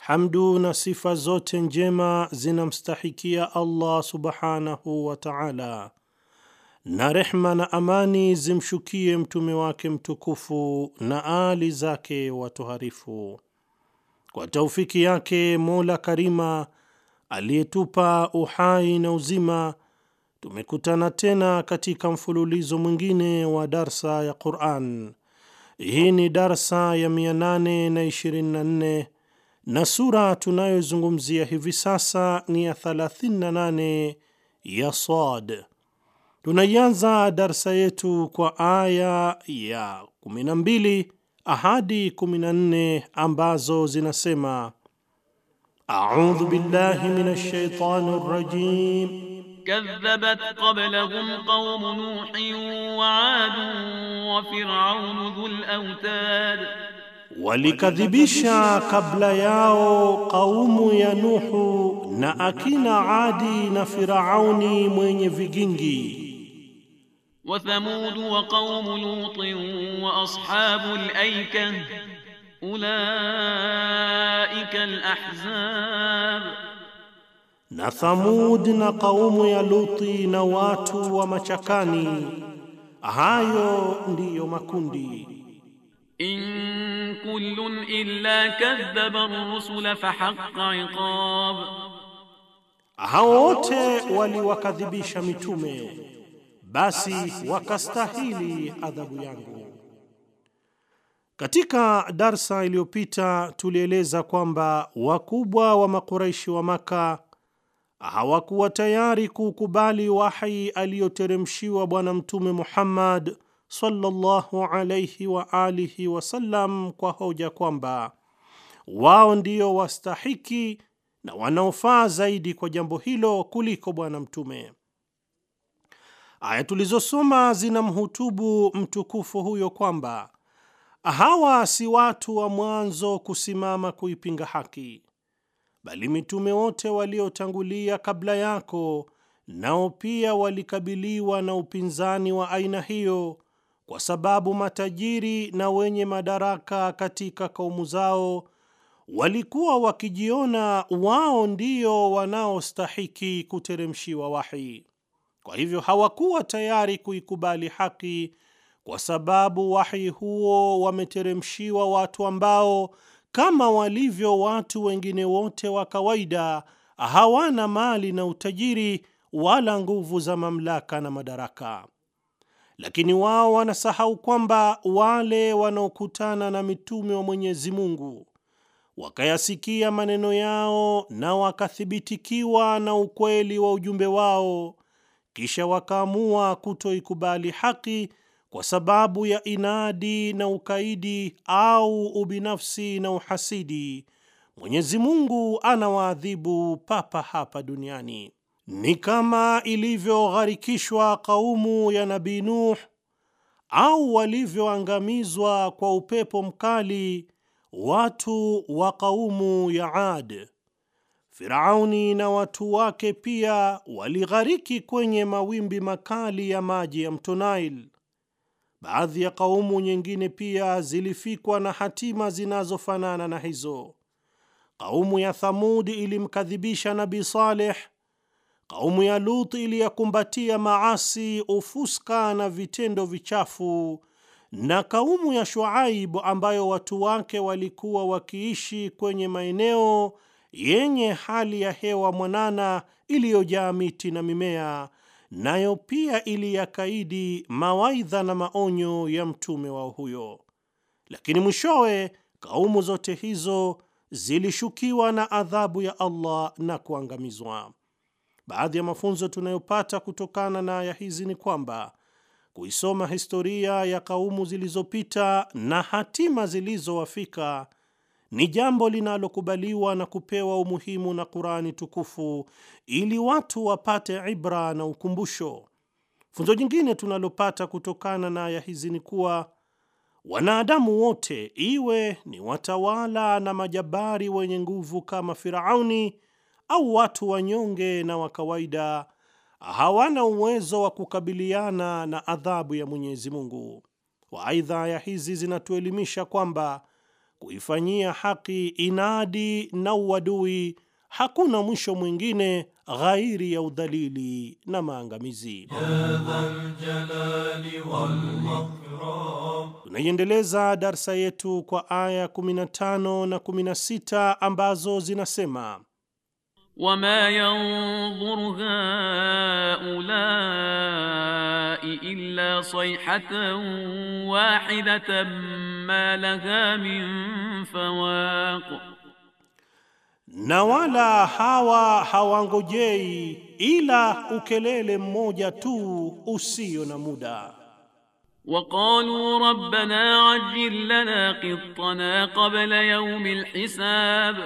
Hamdu na sifa zote njema zinamstahikia Allah subhanahu wa ta'ala, na rehma na amani zimshukie mtume wake mtukufu na aali zake watoharifu. Kwa taufiki yake Mola Karima aliyetupa uhai na uzima, tumekutana tena katika mfululizo mwingine wa darsa ya Qur'an. Hii ni darsa ya 824 na sura tunayozungumzia hivi sasa ni ya 38 ya Sad. Tunaianza darsa yetu kwa aya ya 12 ahadi 14 ambazo zinasema: audhu billahi minash shaitani rajim kadhabat qablahum qaumu nuhin wa adu wa fir'aun dhul autad Walikadhibisha kabla yao kaumu ya Nuhu na akina Adi na Firauni mwenye vigingi wa Thamud wa qaumu Lut wa ashabul aika ulaika alahzab, na Thamud na qaumu ya Luti na watu wa machakani, hayo ndiyo makundi إن كل إلا كذب الرسل فحق عقاب, hao wote waliwakadhibisha mitume, basi wakastahili adhabu yangu. Katika darsa iliyopita tulieleza kwamba wakubwa wa Makuraishi wa Maka hawakuwa tayari kuukubali wahi aliyoteremshiwa Bwana Mtume Muhammad sallallahu alayhi wa alihi wasallam kwa hoja kwamba wao ndio wastahiki na wanaofaa zaidi kwa jambo hilo kuliko Bwana Mtume. Aya tulizosoma zinamhutubu mtukufu huyo kwamba hawa si watu wa mwanzo kusimama kuipinga haki, bali mitume wote waliotangulia kabla yako nao pia walikabiliwa na upinzani wa aina hiyo kwa sababu matajiri na wenye madaraka katika kaumu zao walikuwa wakijiona wao ndio wanaostahiki kuteremshiwa wahi. Kwa hivyo hawakuwa tayari kuikubali haki, kwa sababu wahi huo wameteremshiwa watu ambao kama walivyo watu wengine wote wa kawaida hawana mali na utajiri wala nguvu za mamlaka na madaraka lakini wao wanasahau kwamba wale wanaokutana na mitume wa Mwenyezi Mungu wakayasikia maneno yao na wakathibitikiwa na ukweli wa ujumbe wao, kisha wakaamua kutoikubali haki kwa sababu ya inadi na ukaidi au ubinafsi na uhasidi, Mwenyezi Mungu anawaadhibu papa hapa duniani ni kama ilivyogharikishwa kaumu ya Nabii Nuh au walivyoangamizwa kwa upepo mkali watu wa kaumu ya Ad. Firauni na watu wake pia walighariki kwenye mawimbi makali ya maji ya mto Nile. Baadhi ya kaumu nyingine pia zilifikwa na hatima zinazofanana na hizo. Kaumu ya Thamudi ilimkadhibisha Nabii Saleh Kaumu ya lut iliyakumbatia maasi, ufuska na vitendo vichafu, na kaumu ya Shuaibu ambayo watu wake walikuwa wakiishi kwenye maeneo yenye hali ya hewa mwanana iliyojaa miti na mimea, nayo pia iliyakaidi mawaidha na maonyo ya mtume wao huyo. Lakini mwishowe kaumu zote hizo zilishukiwa na adhabu ya Allah na kuangamizwa. Baadhi ya mafunzo tunayopata kutokana na aya hizi ni kwamba kuisoma historia ya kaumu zilizopita na hatima zilizowafika ni jambo linalokubaliwa na kupewa umuhimu na Kurani tukufu ili watu wapate ibra na ukumbusho. Funzo jingine tunalopata kutokana na aya hizi ni kuwa wanadamu wote, iwe ni watawala na majabari wenye nguvu kama Firauni au watu wanyonge na wa kawaida hawana uwezo wa kukabiliana na adhabu ya Mwenyezi Mungu. Waaidha, aya hizi zinatuelimisha kwamba kuifanyia haki inadi na uadui hakuna mwisho mwingine ghairi ya udhalili na maangamizi. Tunaiendeleza darsa yetu kwa aya 15 na 16 ambazo zinasema وما ينظر هؤلاء إلا صيحة واحدة ما لها من فواق نوالا حوا حوا hawangojei إلا ukelele موجة tu usio na وقالوا ربنا عجل لنا قطنا قبل يوم الحساب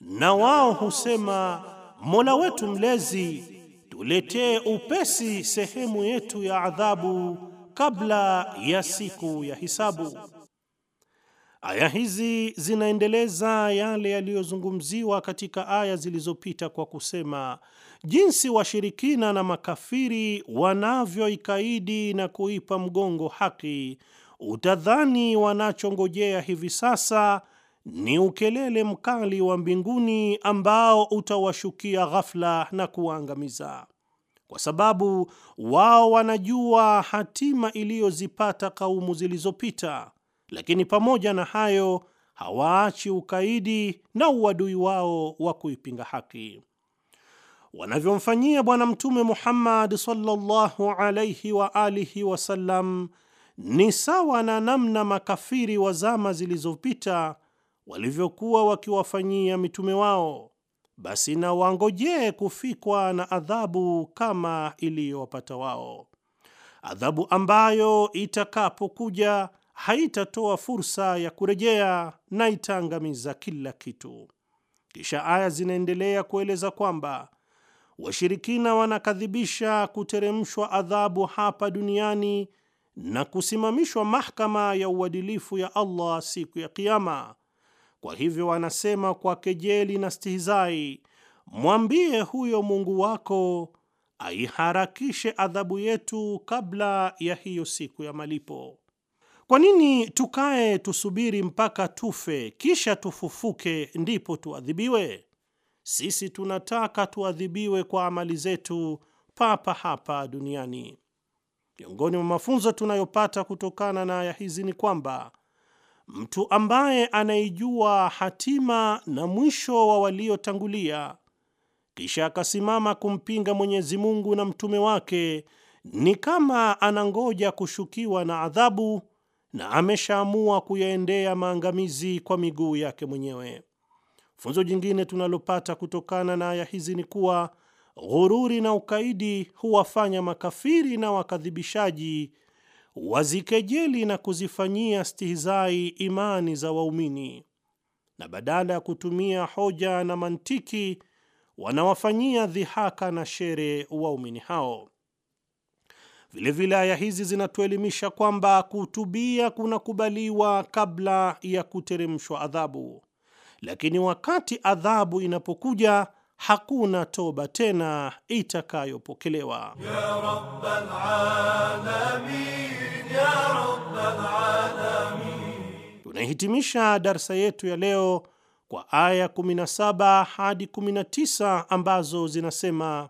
na wao husema Mola wetu mlezi tuletee upesi sehemu yetu ya adhabu kabla ya siku ya hisabu. Aya hizi zinaendeleza yale yaliyozungumziwa katika aya zilizopita kwa kusema jinsi washirikina na makafiri wanavyoikaidi na kuipa mgongo haki, utadhani wanachongojea hivi sasa ni ukelele mkali wa mbinguni ambao utawashukia ghafla na kuwaangamiza, kwa sababu wao wanajua hatima iliyozipata kaumu zilizopita, lakini pamoja na hayo hawaachi ukaidi na uadui wao wa kuipinga haki wanavyomfanyia Bwana Mtume Muhammad sallallahu alaihi wa alihi wasallam ni sawa na namna makafiri wa zama zilizopita walivyokuwa wakiwafanyia mitume wao, basi na wangojee kufikwa na adhabu kama iliyowapata wao, adhabu ambayo itakapokuja haitatoa fursa ya kurejea na itaangamiza kila kitu. Kisha aya zinaendelea kueleza kwamba washirikina wanakadhibisha kuteremshwa adhabu hapa duniani na kusimamishwa mahakama ya uadilifu ya Allah siku ya kiama kwa hivyo wanasema kwa kejeli na stihizai, mwambie huyo Mungu wako aiharakishe adhabu yetu kabla ya hiyo siku ya malipo. Kwa nini tukae tusubiri mpaka tufe kisha tufufuke ndipo tuadhibiwe? Sisi tunataka tuadhibiwe kwa amali zetu papa hapa duniani. Miongoni mwa mafunzo tunayopata kutokana na aya hizi ni kwamba mtu ambaye anaijua hatima na mwisho wa waliotangulia, kisha akasimama kumpinga Mwenyezi Mungu na mtume wake, ni kama anangoja kushukiwa na adhabu na ameshaamua kuyaendea maangamizi kwa miguu yake mwenyewe. Funzo jingine tunalopata kutokana na aya hizi ni kuwa ghururi na ukaidi huwafanya makafiri na wakadhibishaji wazikejeli na kuzifanyia stihizai imani za waumini, na badala ya kutumia hoja na mantiki wanawafanyia dhihaka na shere waumini hao. Vilevile aya hizi zinatuelimisha kwamba kutubia kunakubaliwa kabla ya kuteremshwa adhabu, lakini wakati adhabu inapokuja hakuna toba tena itakayopokelewa. Tunahitimisha darsa yetu ya leo kwa aya 17 hadi 19 ambazo zinasema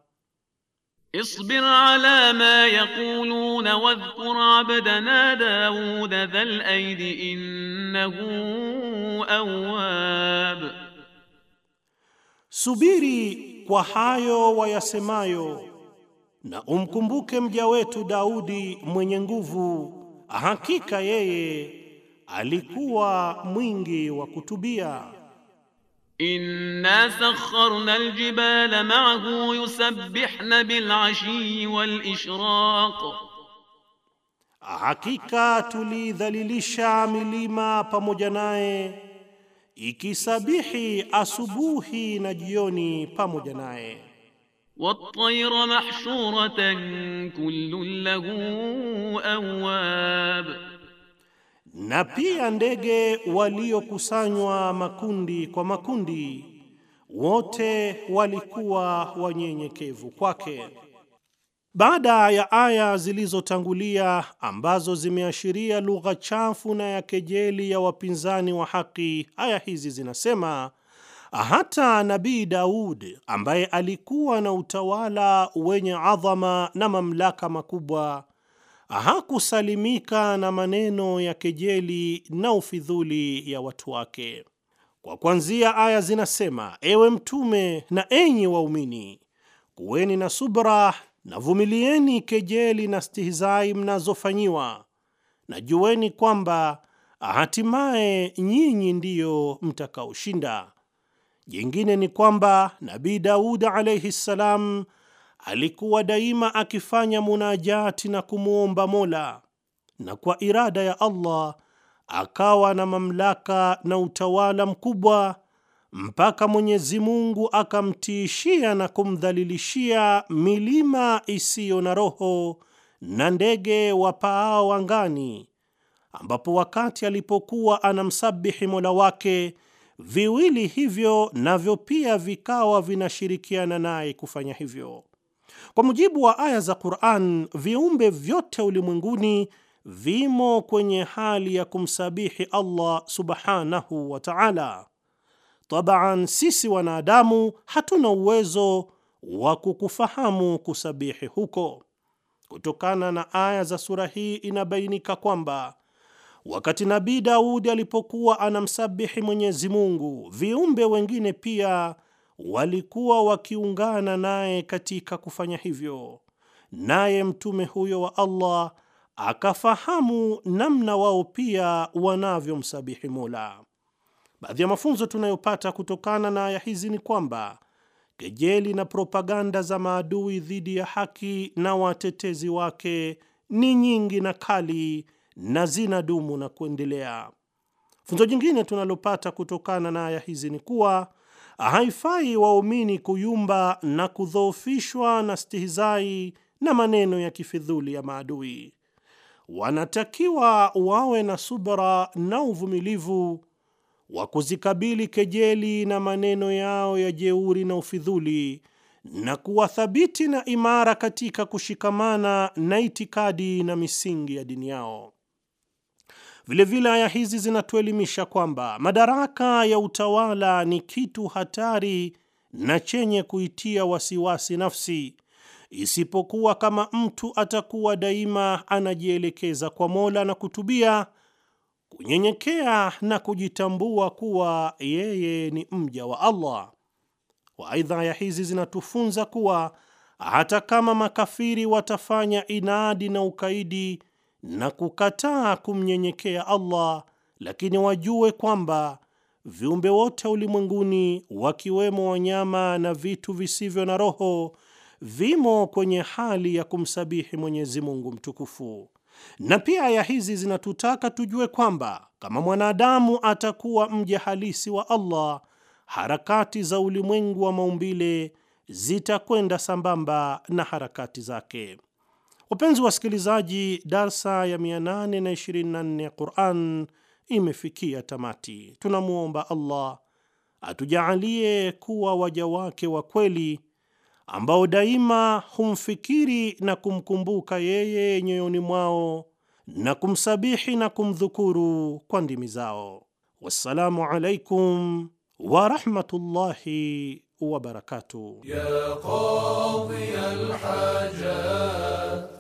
Isbir ala ma yaquluna wadhkur abdana Dawuda dhal aidi innahu awwab Subiri kwa hayo wayasemayo, na umkumbuke mja wetu Daudi mwenye nguvu. Hakika yeye alikuwa mwingi wa kutubia. Inna sakharna aljibala ma'ahu yusabbihna bil'ashi walishraq, hakika tulidhalilisha milima pamoja naye ikisabihi asubuhi na jioni pamoja naye. Wat-tayra mahshuratan kullun lahu awwab, na pia ndege waliokusanywa makundi kwa makundi, wote walikuwa wanyenyekevu kwake. Baada ya aya zilizotangulia ambazo zimeashiria lugha chafu na ya kejeli ya wapinzani wa haki, aya hizi zinasema hata Nabii Daud ambaye alikuwa na utawala wenye adhama na mamlaka makubwa hakusalimika na maneno ya kejeli na ufidhuli ya watu wake. Kwa kwanzia, aya zinasema: ewe mtume na enyi waumini, kuweni na subra navumilieni kejeli na stihizai mnazofanyiwa, na jueni kwamba hatimaye nyinyi ndiyo mtakaoshinda. Jingine ni kwamba Nabii Daudi alaihi ssalam alikuwa daima akifanya munajati na kumwomba Mola, na kwa irada ya Allah akawa na mamlaka na utawala mkubwa mpaka Mwenyezi Mungu akamtiishia na kumdhalilishia milima isiyo na roho na ndege wapaao angani, ambapo wakati alipokuwa anamsabihi Mola wake viwili hivyo navyo pia vikawa vinashirikiana naye kufanya hivyo. Kwa mujibu wa aya za Qur'an, viumbe vyote ulimwenguni vimo kwenye hali ya kumsabihi Allah subhanahu wa ta'ala. Tabaan, sisi wanadamu hatuna uwezo wa kukufahamu kusabihi huko. Kutokana na aya za sura hii inabainika kwamba wakati Nabii Daudi alipokuwa anamsabihi Mwenyezi Mungu, viumbe wengine pia walikuwa wakiungana naye katika kufanya hivyo, naye mtume huyo wa Allah akafahamu namna wao pia wanavyomsabihi Mola. Baadhi ya mafunzo tunayopata kutokana na aya hizi ni kwamba kejeli na propaganda za maadui dhidi ya haki na watetezi wake ni nyingi na kali na zinadumu na kuendelea. Funzo jingine tunalopata kutokana na aya hizi ni kuwa haifai waumini kuyumba na kudhoofishwa na stihizai na maneno ya kifidhuli ya maadui. Wanatakiwa wawe na subra na uvumilivu wa kuzikabili kejeli na maneno yao ya jeuri na ufidhuli na kuwa thabiti na imara katika kushikamana na itikadi na misingi ya dini yao. Vilevile, aya hizi zinatuelimisha kwamba madaraka ya utawala ni kitu hatari na chenye kuitia wasiwasi nafsi, isipokuwa kama mtu atakuwa daima anajielekeza kwa Mola na kutubia kunyenyekea na kujitambua kuwa yeye ni mja wa Allah. Waidha, ya hizi zinatufunza kuwa hata kama makafiri watafanya inadi na ukaidi na kukataa kumnyenyekea Allah, lakini wajue kwamba viumbe wote ulimwenguni wakiwemo wanyama na vitu visivyo na roho vimo kwenye hali ya kumsabihi Mwenyezi Mungu mtukufu. Na pia aya hizi zinatutaka tujue kwamba kama mwanadamu atakuwa mja halisi wa Allah, harakati za ulimwengu wa maumbile zitakwenda sambamba na harakati zake. Wapenzi wasikilizaji, darsa ya 824 ya Quran imefikia tamati. Tunamwomba Allah atujaalie kuwa waja wake wa kweli ambao daima humfikiri na kumkumbuka yeye nyoyoni mwao na kumsabihi na kumdhukuru kwa ndimi zao. Wassalamu alaikum warahmatullahi rahmatullahi